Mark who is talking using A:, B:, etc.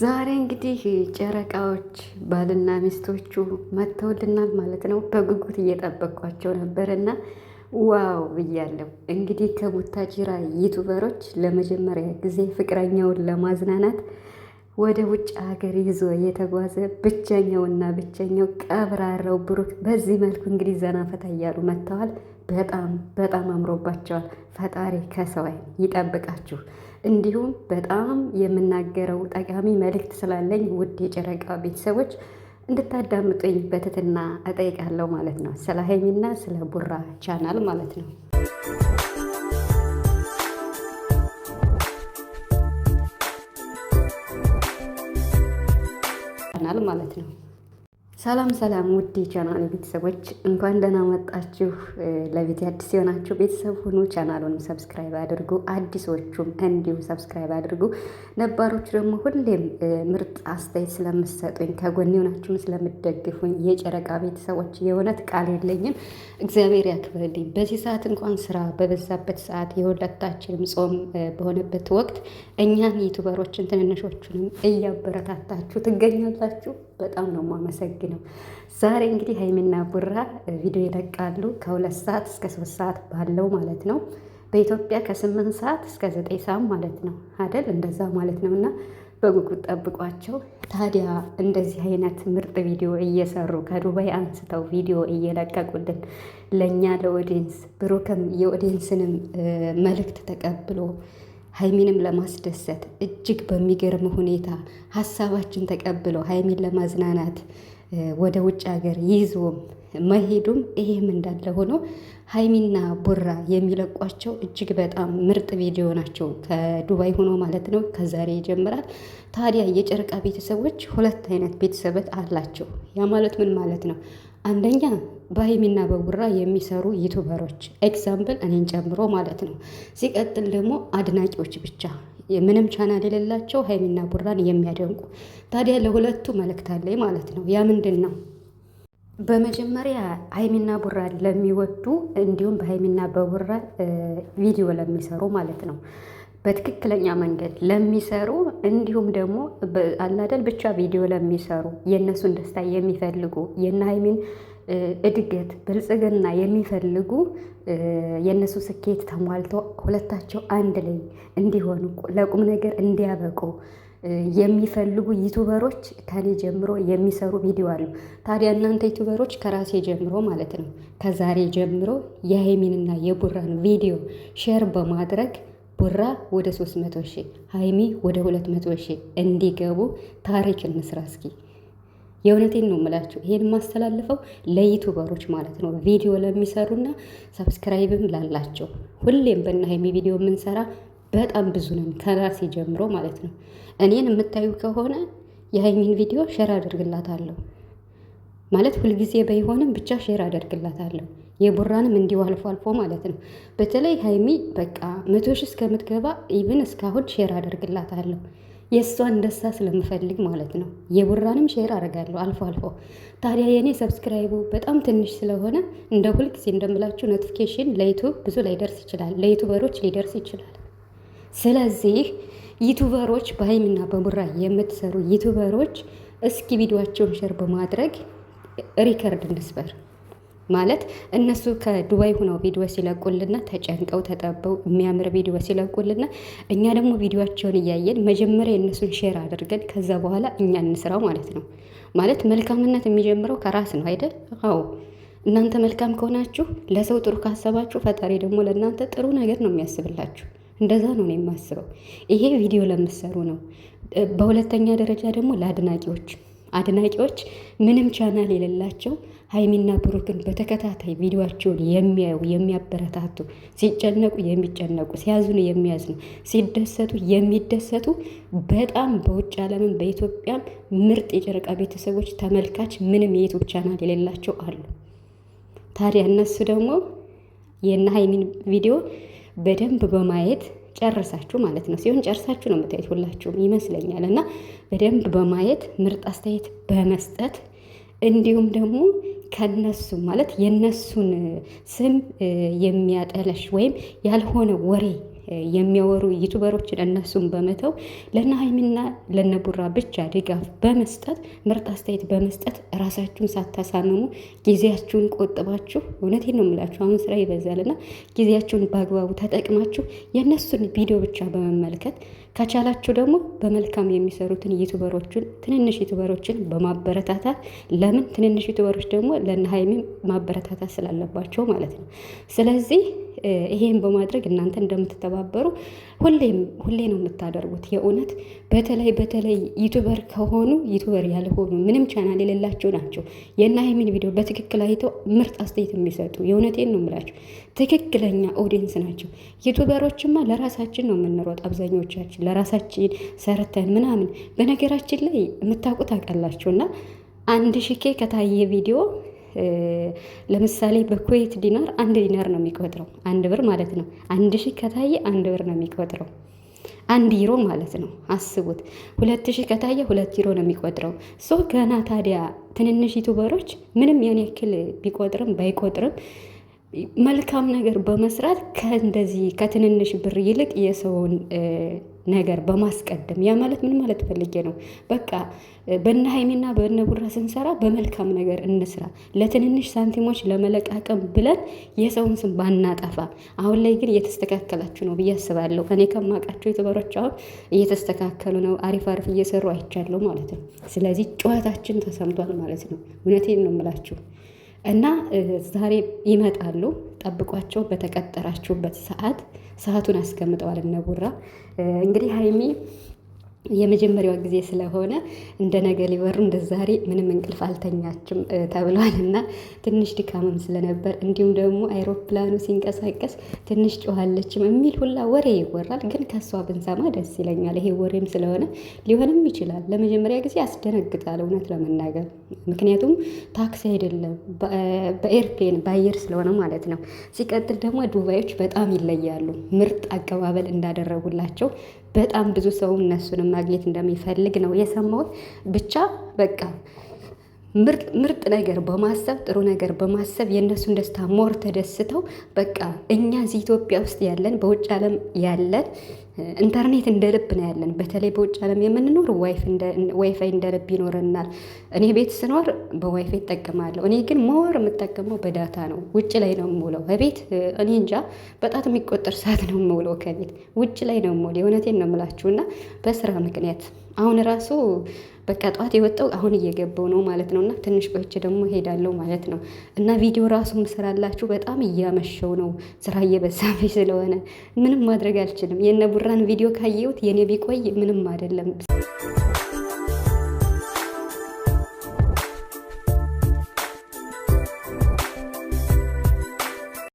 A: ዛሬ እንግዲህ ጨረቃዎች ባልና ሚስቶቹ መጥተውልናል ማለት ነው። በጉጉት እየጠበቅኳቸው ነበር ዋው ብያለሁ። እንግዲህ ከቡታጅራ ዩቱበሮች ለመጀመሪያ ጊዜ ፍቅረኛውን ለማዝናናት ወደ ውጭ ሀገር ይዞ የተጓዘ ብቸኛውና ብቸኛው ቀብራራው ብሩክ በዚህ መልኩ እንግዲህ ዘና ፈታ እያሉ መጥተዋል። በጣም በጣም አምሮባቸዋል። ፈጣሪ ከሰው አይን ይጠብቃችሁ። እንዲሁም በጣም የምናገረው ጠቃሚ መልእክት ስላለኝ ውድ የጨረቃ ቤተሰቦች እንድታዳምጡኝ በትትና እጠይቃለሁ ማለት ነው። ስለ ሀይሚና ስለ ቡራ ቻናል ማለት ነው። ቻናል ማለት ነው። ሰላም ሰላም ውድ ቻናል ቤተሰቦች እንኳን ደህና መጣችሁ። ለቤት አዲስ የሆናችሁ ቤተሰብ ሁኑ፣ ቻናሉንም ሰብስክራይብ አድርጉ። አዲሶቹም እንዲሁ ሰብስክራይብ አድርጉ። ነባሮቹ ደግሞ ሁሌም ምርጥ አስተያየት ስለምሰጡኝ ከጎን የሆናችሁም ስለምደግፉኝ የጨረቃ ቤተሰቦች የእውነት ቃል የለኝም፣ እግዚአብሔር ያክብርልኝ። በዚህ ሰዓት እንኳን ስራ በበዛበት ሰዓት የሁለታችንም ጾም በሆነበት ወቅት እኛን ዩቱበሮችን ትንንሾቹንም እያበረታታችሁ ትገኛላችሁ። በጣም ነው የማመሰግን ነው። ዛሬ እንግዲህ ሀይሚና ቡራ ቪዲዮ ይለቃሉ ከሁለት ሰዓት እስከ ሶስት ሰዓት ባለው ማለት ነው። በኢትዮጵያ ከስምንት ሰዓት እስከ ዘጠኝ ሰዓት ማለት ነው አደል? እንደዛ ማለት ነው። እና በጉጉት ጠብቋቸው። ታዲያ እንደዚህ አይነት ምርጥ ቪዲዮ እየሰሩ ከዱባይ አንስተው ቪዲዮ እየለቀቁልን ለእኛ ለኦዲንስ ብሩክም የኦዲንስንም መልእክት ተቀብሎ ሀይሚንም ለማስደሰት እጅግ በሚገርም ሁኔታ ሀሳባችን ተቀብሎ ሀይሚን ለማዝናናት ወደ ውጭ ሀገር ይዞም መሄዱም ይሄም እንዳለ ሆኖ ሀይሚና ቡራ የሚለቋቸው እጅግ በጣም ምርጥ ቪዲዮ ናቸው። ከዱባይ ሆኖ ማለት ነው። ከዛሬ ይጀምራል። ታዲያ የጨረቃ ቤተሰቦች ሁለት አይነት ቤተሰበት አላቸው። ያ ማለት ምን ማለት ነው? አንደኛ በሀይሚና በቡራ የሚሰሩ ዩቱበሮች ኤግዛምፕል እኔን ጨምሮ ማለት ነው። ሲቀጥል ደግሞ አድናቂዎች ብቻ ምንም ቻናል የሌላቸው ሀይሚና ቡራን የሚያደንቁ ታዲያ ለሁለቱ መልእክት አለኝ ማለት ነው። ያ ምንድን ነው? በመጀመሪያ ሀይሚና ቡራ ለሚወዱ እንዲሁም በሀይሚና በቡራ ቪዲዮ ለሚሰሩ ማለት ነው በትክክለኛ መንገድ ለሚሰሩ እንዲሁም ደግሞ አላደል ብቻ ቪዲዮ ለሚሰሩ የእነሱን ደስታ የሚፈልጉ የነ ሀይሚን እድገት ብልጽግና የሚፈልጉ የእነሱ ስኬት ተሟልቶ ሁለታቸው አንድ ላይ እንዲሆኑ ለቁም ነገር እንዲያበቁ የሚፈልጉ ዩቱበሮች ከኔ ጀምሮ የሚሰሩ ቪዲዮ አሉ። ታዲያ እናንተ ዩቱበሮች ከራሴ ጀምሮ ማለት ነው ከዛሬ ጀምሮ የሀይሚንና የቡራን ቪዲዮ ሼር በማድረግ ቡራ ወደ 300 ሺህ ሀይሚ ወደ 200 ሺህ እንዲገቡ ታሪክ እንስራ እስኪ። የእውነቴን ነው የምላችሁ። ይሄን የማስተላልፈው ለዩቱበሮች ማለት ነው፣ ቪዲዮ ለሚሰሩና ሰብስክራይብም ላላቸው። ሁሌም በና ሀይሚ ቪዲዮ የምንሰራ በጣም ብዙ ነን፣ ከራሴ ጀምሮ ማለት ነው። እኔን የምታዩ ከሆነ የሀይሚን ቪዲዮ ሼር አድርግላታለሁ ማለት ሁልጊዜ ባይሆንም ብቻ ሼር አደርግላታለሁ። የቡራንም እንዲሁ አልፎ አልፎ ማለት ነው። በተለይ ሀይሚ በቃ መቶ ሺህ እስከምትገባ ኢቭን እስካሁን ሼር አደርግላታለሁ። የእሷን ደስታ ስለምፈልግ ማለት ነው። የቡራንም ሼር አደርጋለሁ አልፎ አልፎ። ታዲያ የእኔ ሰብስክራይቡ በጣም ትንሽ ስለሆነ እንደ ሁልጊዜ እንደምላችሁ ኖቲፊኬሽን ለዩቱብ ብዙ ላይደርስ ይችላል፣ ለዩቱበሮች ሊደርስ ይችላል። ስለዚህ ዩቱበሮች በሀይሚና በቡራ የምትሰሩ ዩቱበሮች እስኪ ቪዲዮቸውን ሼር በማድረግ ሪከርድ እንስበር። ማለት እነሱ ከዱባይ ሁነው ቪዲዮ ሲለቁልና ተጨንቀው ተጠበው የሚያምር ቪዲዮ ሲለቁልና እኛ ደግሞ ቪዲዮቸውን እያየን መጀመሪያ የእነሱን ሼር አድርገን ከዛ በኋላ እኛ እንስራው ማለት ነው። ማለት መልካምነት የሚጀምረው ከራስ ነው አይደል? አዎ። እናንተ መልካም ከሆናችሁ ለሰው ጥሩ ካሰባችሁ ፈጣሪ ደግሞ ለእናንተ ጥሩ ነገር ነው የሚያስብላችሁ። እንደዛ ነው የማስበው። ይሄ ቪዲዮ ለምሰሩ ነው። በሁለተኛ ደረጃ ደግሞ ለአድናቂዎች አድናቂዎች ምንም ቻናል የሌላቸው ሀይሚና ብሩክን በተከታታይ ቪዲዮቸውን የሚያዩ የሚያበረታቱ፣ ሲጨነቁ የሚጨነቁ፣ ሲያዝኑ የሚያዝኑ፣ ሲደሰቱ የሚደሰቱ በጣም በውጭ ዓለምም በኢትዮጵያም ምርጥ የጨረቃ ቤተሰቦች ተመልካች ምንም የዩቱብ ቻናል የሌላቸው አሉ። ታዲያ እነሱ ደግሞ የነ ሀይሚን ቪዲዮ በደንብ በማየት ጨርሳችሁ ማለት ነው። ሲሆን ጨርሳችሁ ነው የምታዩት ሁላችሁም ይመስለኛል። እና በደንብ በማየት ምርጥ አስተያየት በመስጠት እንዲሁም ደግሞ ከነሱ ማለት የነሱን ስም የሚያጠለሽ ወይም ያልሆነ ወሬ የሚያወሩ ዩቱበሮችን እነሱን በመተው ለነ ሀይሚና ለነ ቡራ ብቻ ድጋፍ በመስጠት ምርጥ አስተያየት በመስጠት ራሳችሁን ሳታሳምሙ ጊዜያችሁን ቆጥባችሁ፣ እውነቴን ነው የምላችሁ፣ አሁን ስራ ይበዛልና ጊዜያችሁን በአግባቡ ተጠቅማችሁ የእነሱን ቪዲዮ ብቻ በመመልከት ከቻላችሁ ደግሞ በመልካም የሚሰሩትን ዩቱበሮችን ትንንሽ ዩቱበሮችን በማበረታታት ለምን ትንንሽ ዩቱበሮች ደግሞ ለነ ማበረታታት ስላለባቸው ማለት ነው። ስለዚህ ይሄን በማድረግ እናንተ እንደምትተባበሩ ሁሌም ሁሌ ነው የምታደርጉት። የእውነት በተለይ በተለይ ዩቱበር ከሆኑ ዩቱበር ያልሆኑ ምንም ቻናል የሌላቸው ናቸው የና ሀይሚን ቪዲዮ በትክክል አይተው ምርጥ አስተያየት የሚሰጡ የእውነቴን ነው የምላቸው ትክክለኛ ኦዲየንስ ናቸው። ዩቱበሮችማ ለራሳችን ነው የምንሮጥ አብዛኞቻችን ለራሳችን ሰርተን ምናምን። በነገራችን ላይ የምታውቁት ታውቃላችሁ እና አንድ ሽኬ ከታየ ቪዲዮ ለምሳሌ በኩዌት ዲናር አንድ ዲናር ነው የሚቆጥረው፣ አንድ ብር ማለት ነው። አንድ ሺህ ከታየ አንድ ብር ነው የሚቆጥረው አንድ ዩሮ ማለት ነው። አስቡት ሁለት ሺህ ከታየ ሁለት ዩሮ ነው የሚቆጥረው። ሶ ገና ታዲያ ትንንሽ ዩቱበሮች ምንም ያን ያክል ቢቆጥርም ባይቆጥርም መልካም ነገር በመስራት ከእንደዚህ ከትንንሽ ብር ይልቅ የሰውን ነገር በማስቀደም ያ ማለት ምን ማለት ፈልጌ ነው? በቃ በነ ሀይሜና በነ ቡራ ስንሰራ በመልካም ነገር እንስራ። ለትንንሽ ሳንቲሞች ለመለቃቀም ብለን የሰውን ስም ባናጠፋ። አሁን ላይ ግን እየተስተካከላችሁ ነው ብዬ አስባለሁ። እኔ ከማውቃቸው የተበሯቸው አሁን እየተስተካከሉ ነው፣ አሪፍ አሪፍ እየሰሩ አይቻለሁ ማለት ነው። ስለዚህ ጨዋታችን ተሰምቷል ማለት ነው። እውነቴን ነው የምላችሁ። እና ዛሬ ይመጣሉ። ጠብቋቸው። በተቀጠራችሁበት ሰዓት ሰዓቱን አስቀምጠዋል እነ ቡራ። እንግዲህ ሀይሚ የመጀመሪያው ጊዜ ስለሆነ እንደ ነገ ሊበሩ እንደ ዛሬ ምንም እንቅልፍ አልተኛችም ተብሏል እና ትንሽ ድካምም ስለነበር እንዲሁም ደግሞ አይሮፕላኑ ሲንቀሳቀስ ትንሽ ጮኋለችም የሚል ሁላ ወሬ ይወራል። ግን ከሷ ብንሰማ ደስ ይለኛል። ይሄ ወሬም ስለሆነ ሊሆንም ይችላል። ለመጀመሪያ ጊዜ አስደነግጣል እውነት ለመናገር ምክንያቱም ታክሲ አይደለም በኤርፕሌን በአየር ስለሆነ ማለት ነው። ሲቀጥል ደግሞ ዱባዮች በጣም ይለያሉ። ምርጥ አቀባበል እንዳደረጉላቸው በጣም ብዙ ሰው እነሱንም ማግኘት እንደሚፈልግ ነው የሰማሁት። ብቻ በቃ ምርጥ ነገር በማሰብ ጥሩ ነገር በማሰብ የእነሱን ደስታ ሞር ተደስተው በቃ እኛ እዚህ ኢትዮጵያ ውስጥ ያለን በውጭ ዓለም ያለን ኢንተርኔት እንደ ልብ ነው ያለን። በተለይ በውጭ ዓለም የምንኖር ዋይፋይ እንደ ልብ ይኖረናል። እኔ ቤት ስኖር በዋይፋይ እጠቀማለሁ። እኔ ግን ሞር የምጠቀመው በዳታ ነው። ውጭ ላይ ነው የምውለው። በቤት እኔ እንጃ በጣት የሚቆጠር ሰዓት ነው የምውለው ከቤት ውጭ ላይ ነው የምውለው። የእውነቴን ነው የምላችሁ እና በስራ ምክንያት አሁን ራሱ በቃ ጠዋት የወጣው አሁን እየገባው ነው ማለት ነው። እና ትንሽ ቆይቼ ደግሞ ሄዳለው ማለት ነው። እና ቪዲዮ ራሱ ምስራላችሁ በጣም እያመሸው ነው ስራ እየበዛብኝ ስለሆነ ምንም ማድረግ አልችልም የነ የተሰራን ቪዲዮ ካየሁት የኔ ቢቆይ ምንም አይደለም።